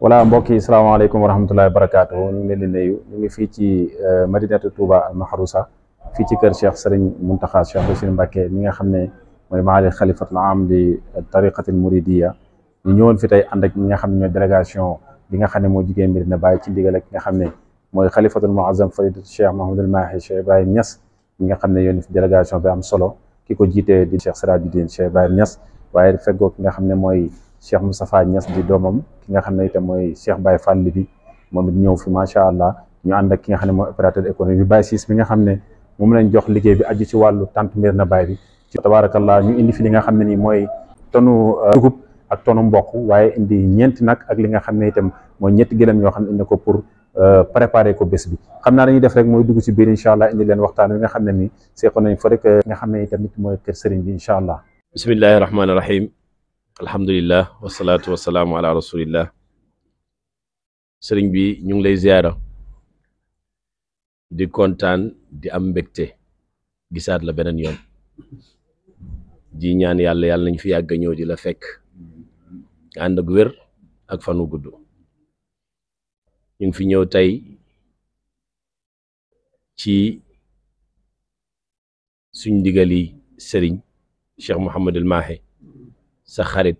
wala mbokki assalamu alaykum wa rahmatullahi wa barakatuh ñu ngi leen di nuyu ñu ngi fi ci madinatu Touba al mahrusa fi ci keur Cheikh Serigne Mountakha Cheikh hussein mbake mi nga xamne moy mooy maali xalifatul am di tariqatil muridiya ñu ñewon fi tay ànd ak ñi nga xamne ñoy délégation bi nga xamne mo moo jigéen Medina Baye ci digal ak nga xamne moy mooy xalifatul muazzam faridatu Cheikh mahmoud al Mahi Cheikh Ibrahim nias ñi nga xamne yoni fi délégation bi am solo kiko jité di Cheikh Sirajuddin Cheikh Ibrahim nias waye waaye feggoog nga xamne moy Cheikh Moustapha Niass di domam ki nga xam ne itam mooy Cheikh Baye Fall bi moom ñëw fi macha allah ñu ànd ak ki nga xam ne mooy opérateur économique bi Baye Ciss bi nga xam ne moom lañ jox liggéey bi aju ci wàllu tànt mbir na baay bi. ci tabarakallah ñu indi fi li nga xam ne nii mooy tonu dugub ak tonu mboq waaye indi ñeenti nag ak li nga xam itam mooy ñetti gëlëm yoo xam ko pour. préparé ko bés bi xam naa dañuy def rek mooy dugg ci biir incha allah indi leen waxtaan wi nga xam ne ni seexoon nañ fa rek nga xam ne tamit mooy kër sëriñ bi incha allah bismillahi rahim alhamdulilah wasalaatu wasalaamu ala rasulillah sëriñ bi ñu ngi lay ziyaara di kontaan di am mbégte gisaat la beneen yoon di ñaan yàlla yàlla nañ fi yàgg ñëw di la fekk ànd ak wér ak fan wu gudd ñu ngi fi ñëw tey ci suñ ndigali sëriñ Cheikh Mouhamadul Mahi sa xarit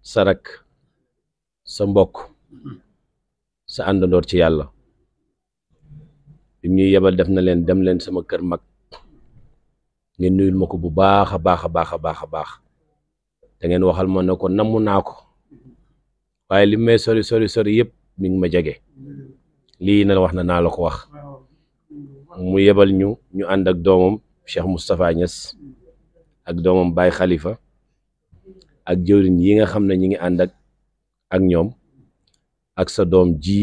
sa rak sa mbokk sa àndandoor ci yàlla bi ñuy yebal def na leen dem leen sama kër mag ngeen nuyul ma ko bu baax a baax a baax a baax a baax te ngeen waxal ma ne ko namm naa ko waaye li may sori sori sori yëpp mi ngi ma jege lii na wax na naa la ko wax mu yebal ñu ñu ànd ak doomam Cheikh Moustapha Niass ak doomam Baye Khalifa ak jëwriñ yi nga xam ne ñu ngi ànd ak ñoom ak sa doom ji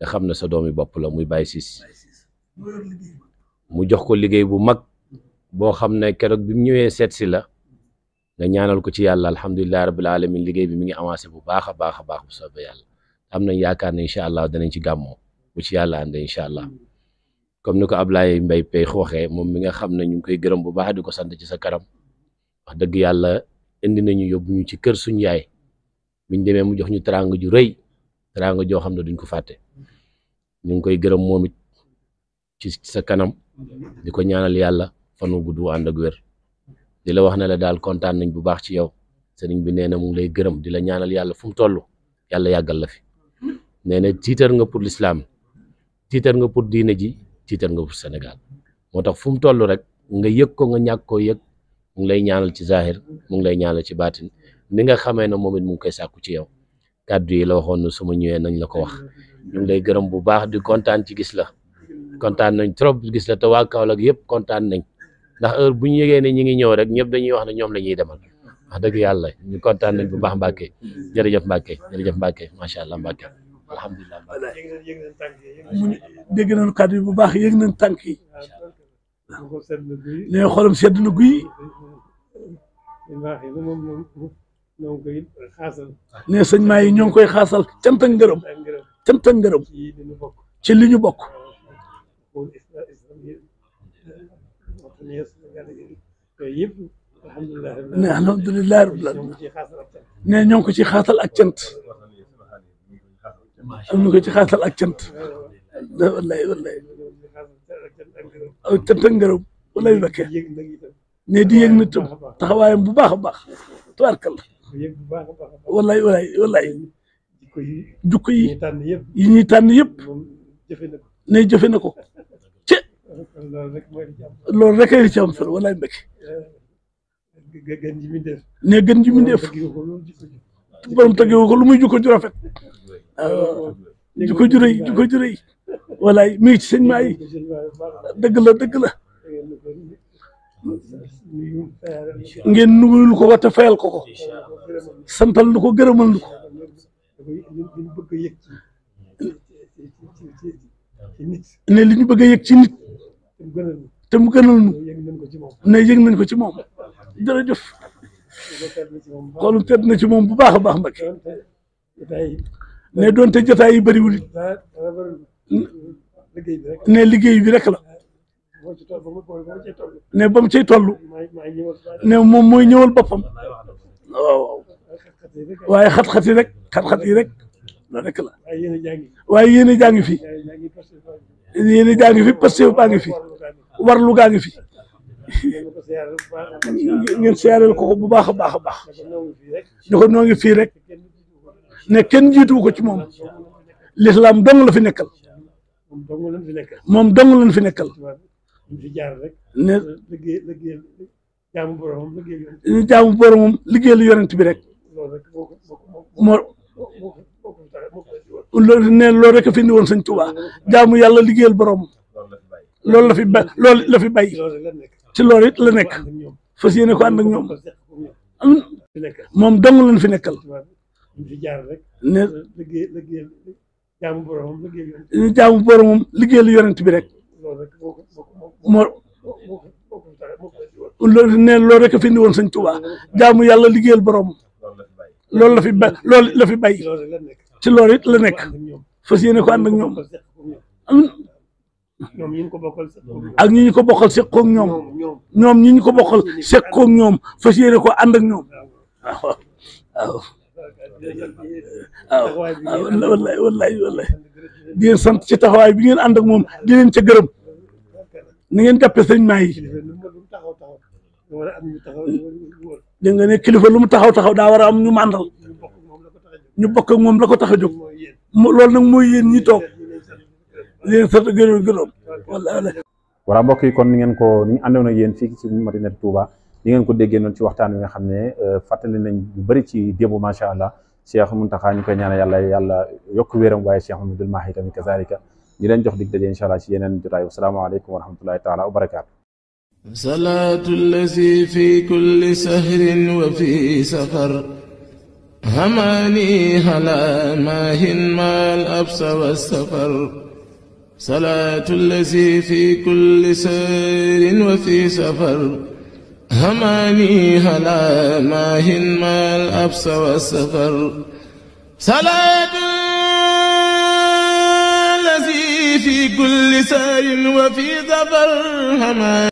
nga xam na sa doom yi bopp la muy Baye Ciss mu jox ko liggéey bu mag boo xam ne keroog bi mu ñëwee seet si la nga ñaanal ko ci yàlla alhamdulilah rabbil alamin liggéey bi mi ngi avancé bu baax a baax a baax bu soobee yàlla am nañ yaakaar ne incha allah danañ ci gàmmoo bu ci yàlla àndee incha allah comme ni ko Ablaye Mbaye Pay waxee moom mi nga xam ne ñu ngi koy gërëm bu baax di ko sant ci sa kanam yàlla. indi nañu yóbbu ñu ci kër suñu yaay biñ demee mu jox ñu teraanga ju rëy teraanga joo xam ne duñ ko fàtte ñu ngi koy gërëm moom it kanam di ko ñaanal yàlla fan wu gudd ànd ak wér di la wax ne la daal kontaan nañ bu baax ci yow sëriñ bi nee na mu lay gërëm di la ñaanal yàlla fu mu toll yàlla yàggal la fi nee na tiitar nga pour l'islam tiitar nga pour diina ji tiitar nga pour Sénégal moo tax fu mu toll rek nga yëg ko nga ñàkk koo yëg mu ngi lay ñaanal ci zahir mu ngi lay ñaanal ci baatin ni nga xamee ne moom it mu ngi koy sàkku ci yow kàddu yi la waxoon ne su ma ñëwee nañ la ko wax ñu lay gërëm bu baax di kontaan ci gis la kontaan nañ trop gis la te waa Kaolack yëpp kontaan nañ ndax heure bu ñu yëgee ne ñi ngi ñëw rek ñëpp dañuy wax ne ñoom la ñuy demal wax dëgg yàlla ñu kontaan nañ bu baax Mbacke jërëjëf Mbacke jërëjëf Mbacke macha allah Mbacke alhamdulilah. mu ne dégg nañu kàddu yi bu baax yëg nañ ne sëñ maa yi ñoo ngi koy xaasal cant ak ngërëm cant ak ngërëm ci li ñu bokk ne alhamdulilah rabbil alamin ne ñoo ngi ko ci xaasal ak cant am na ko ci xaasal ak cant wallahi wallahi cant ak ngërëm wallahi bakke ne di yëg na tëm taxawaayam bu baax a baax tubaarkal wallaay wallaay wallaay jukko yi yi ñuy tànn yëpp ne jëfe na ko ci loolu rek ay ci am solo wallaay mbékk ne gën ji mindeef borom taggewu ko lu muy jukko ju rafet jukko ju rëy jukko ju rëy wallaay ci sëñ maa yi dëgg la dëgg la ngeen nugulul ko ko te fayal ko ko santal nu ko gërëmal nu ne li ñu bëgg a yëg ci nit te mu gënal nu ne yëg nañ ko ci moom jërëjëf xoolu tedd na ci moom bu baax a baax Mbacke ne doonte jotaay yi bëriwul it ne liggéey bi rek la ne ba mu ciy toll ne moom mooy ñëwal boppam waaw waaw waaye xat-xat yi rek xat-xat yi rek loolu rek la waaye yéen a jàngi fi yéen jàngi fi parce que baa fi warlu gaa ngi fi ngeen seeral ko bu baax baax baax ñu ko ngi fii rek ne kenn jiitu ko ci moom lislaam dong la fi nekkal moom dong lañ fi nekkal fi jaar rek. ne euh, liggéey liggéey jaamu boromam liggéey yonent. jaamu boromam liggéeyal yonent bi rek. loolu rek moo ko loolu ne loolu rek a fi indi woon sëñ borom loolu la fi ba la fi bay ci loolu it la nekk fas yéene ko ànd ak ñoom moom dong lañ fi nekkal ne euh, jaamu boromam liggéeyal yonent bi rek. moo ne loolu rek a fi indi woon sëñ Tuubaa yàlla liggéeyal borom loolu la fi ba bay ci loolu it la nekk fas yéene ko ànd ak ñoom ak ñiñ ko bokkal seqoog ñoom ñoom ñi ñu ko bokkal seqoog ñoom fas yéene ko ànd ak ñoom waaw waaw waaw wallahi wallahi wallahi di sant ci taxawaay bi ngeen ànd moom di leen ca gërëm ni ngeen jàppee sëñ maa yi ne kilifa lu mu taxaw taxaw daa war a am ñu màndal ñu bokk ak moom la ko tax a jóg loolu nag mooy yéen ñi toog yéen sant gërëm gërëm wala voilà mbokk yi kon ni ngeen ko ni ñu àndoon ak yéen fii ci Madinatu Touba ni ngeen ko déggee noonu ci waxtaan wi nga xam ne euh, fàttali nañ bu bëri ci démb macha allah Cheikh Mountakha ñu koy ñaanal yàlla yàlla yokk wéram waaye Cheikh Mouhamadoul Mahi tamit kazalika di leen jox dig daje incha allah ci yeneen jotaay wasalaamaaleykum wa rahmatullahi taala wa barakaatu صلاة الذي في كل سهر وفي سفر هماني هلا هن ما الأبس والسفر صلاة الذي في كل سهر وفي سفر هماني هلا هن ما الأبس والسفر صلاة في كل سار وفي ذا فارهما